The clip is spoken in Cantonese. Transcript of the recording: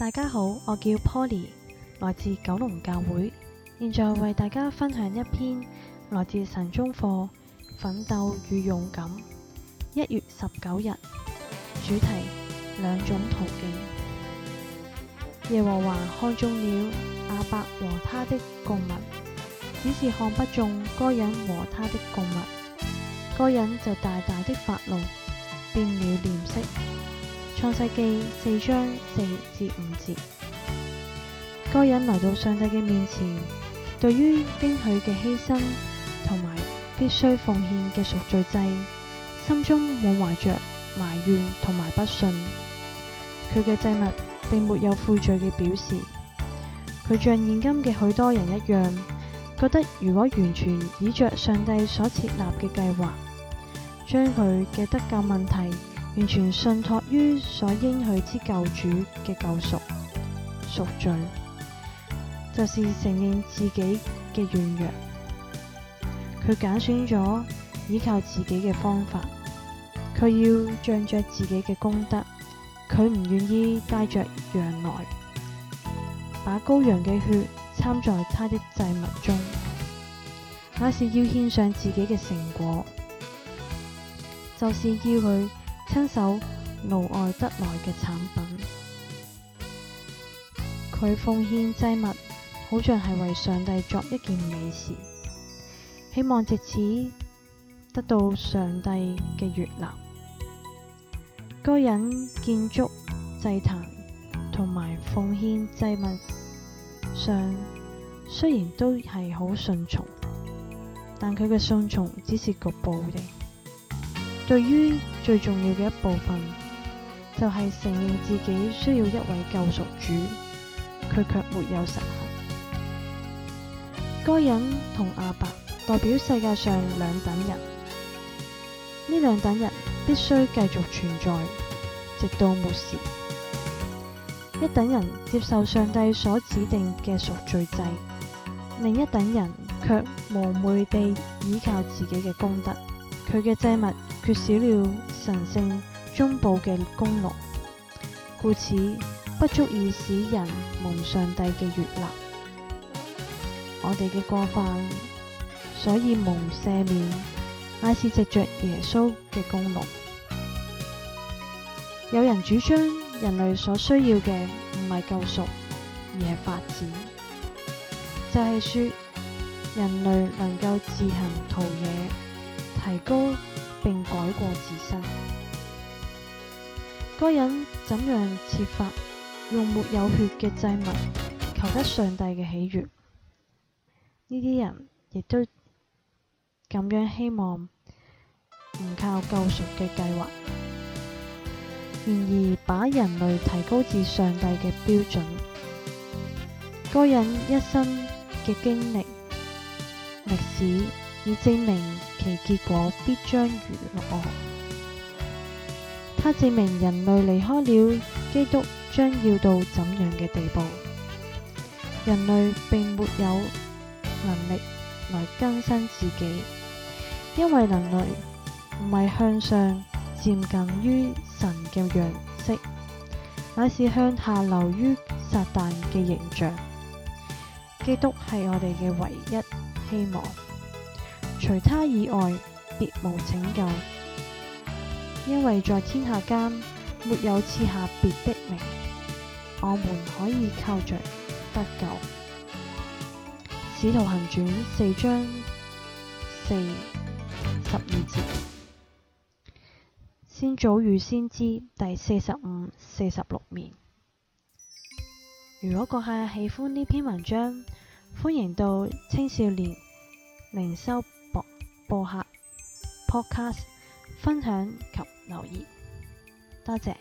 大家好，我叫 Polly，來自九龍教會，現在為大家分享一篇來自神中課《奮鬥與勇敢》一月十九日，主題兩種途徑。耶和華看中了亞伯和他的供物，只是看不中該隱和他的供物，該隱就大大的發怒，變了臉色。創世記四章四至五節，該隱來到上帝嘅面前，對於應許嘅犧牲同埋必須奉獻嘅贖罪祭，心中滿懷着埋怨同埋不信。佢嘅祭物並沒有悔罪嘅表示，佢像現今嘅許多人一樣，覺得如果完全依着上帝所設立嘅計劃，將佢嘅得救問題。完全信託於所應許之主救主嘅救贖贖罪，就是承認自己嘅軟弱。佢揀選咗依靠自己嘅方法，佢要仗著自己嘅功德，佢唔願意帶着羊來把羔羊嘅血參在他的祭物中，那是要獻上自己嘅成果，就是要佢，親手勞外得來嘅產品，佢奉獻祭物，好像係為上帝作一件美事，希望借此得到上帝嘅悅納。該人建築祭壇同埋奉獻祭物上，雖然都係好順從，但佢嘅順從只是局部嘅，對於最重要嘅一部分，就係、是、承認自己需要一位救贖主，佢卻沒有實行。該隱同亞伯代表世界上兩等人，呢兩等人必須繼續存在，直到末時。一等人接受上帝所指定嘅贖罪祭，另一等人卻無謂地倚靠自己嘅功德，佢嘅祭物。缺少了神聖中保嘅功勞，故此不足以使人蒙上帝嘅悅納。我哋嘅過犯，所以蒙赦免，乃是藉着，着耶穌嘅功勞。有人主張人類所需要嘅唔係救贖，而係發展，就係、是、說人類能夠自行陶冶，提高。並改過自身，嗰人怎樣設法用沒有血嘅祭物求得上帝嘅喜悦？呢啲人亦都咁樣希望唔靠救贖嘅計劃，然而把人類提高至上帝嘅標準。嗰人一生嘅經歷、歷史。以證明其結果必將如何。他證明人類離開了基督將要到怎樣嘅地步？人類並沒有能力來更新自己，因為人類唔係向上漸近於神嘅樣式，乃是向下流於撒旦嘅形象。基督係我哋嘅唯一希望。除他以外，別無拯救，因為在天下間沒有賜下別的名，我們可以靠着得救。《使徒行傳》四章四十二節，先祖與先知第四十五、四十六面。如果閣下喜歡呢篇文章，歡迎到青少年靈修。靈播客 podcast 分享及留言，多謝。